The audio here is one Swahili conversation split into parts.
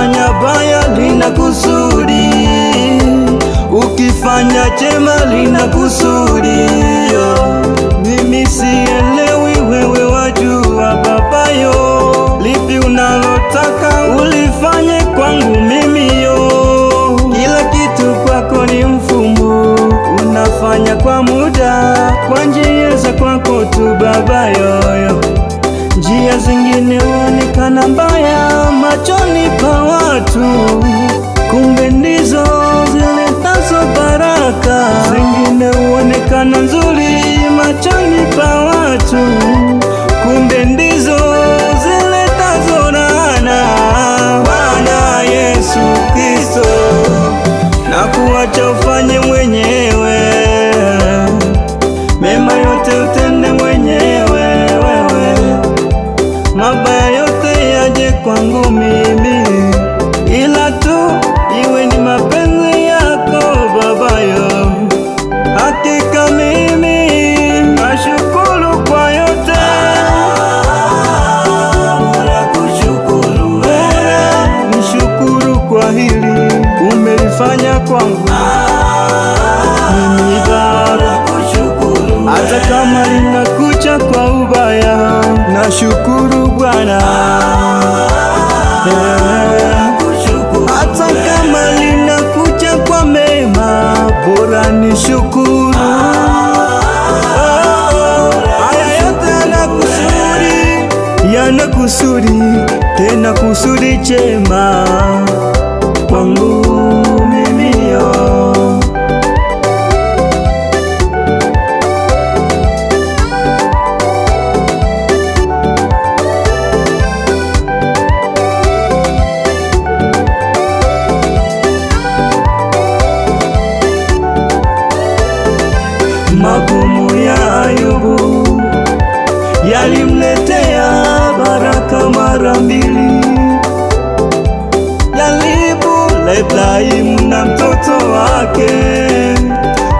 Ukifanya baya lina kusudi, ukifanya chema lina kusudi. Mimi sielewi, wewe wajua babayo, lipi unalotaka ulifanye kwangu mimi yo. Kila kitu kwako ni mfumo, unafanya kwa muda, kwa njia za kwako tu Baba njia zingine huonekana mbaya machoni pa watu Shukuru haya yote yana kusudi, yana kusudi, tena kusudi chema kwangu. Ibrahimu na mtoto wake,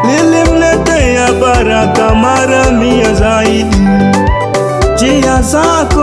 lilimletea baraka mara mia zaidi. Njia zako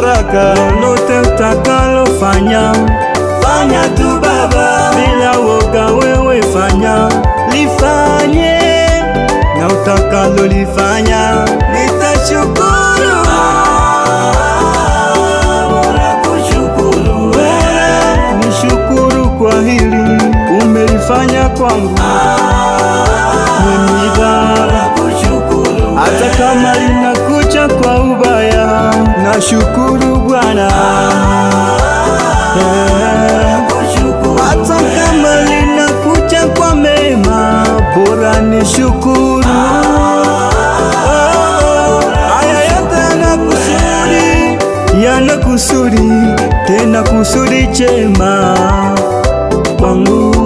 baraka, lolote utakalo fanya, fanya tu Baba, bila woga wewe fanya, lifanye na utakalo lifanya, nitashukuru nishukuru kwa hili umelifanya hata kama linakucha kwa ubaya, nashukuru. kusudi, tena kusudi chema kwangu